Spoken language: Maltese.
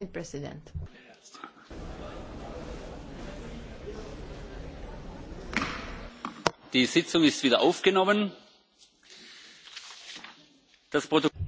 il-President. Die Sitzung ist wieder aufgenommen. Das Protokoll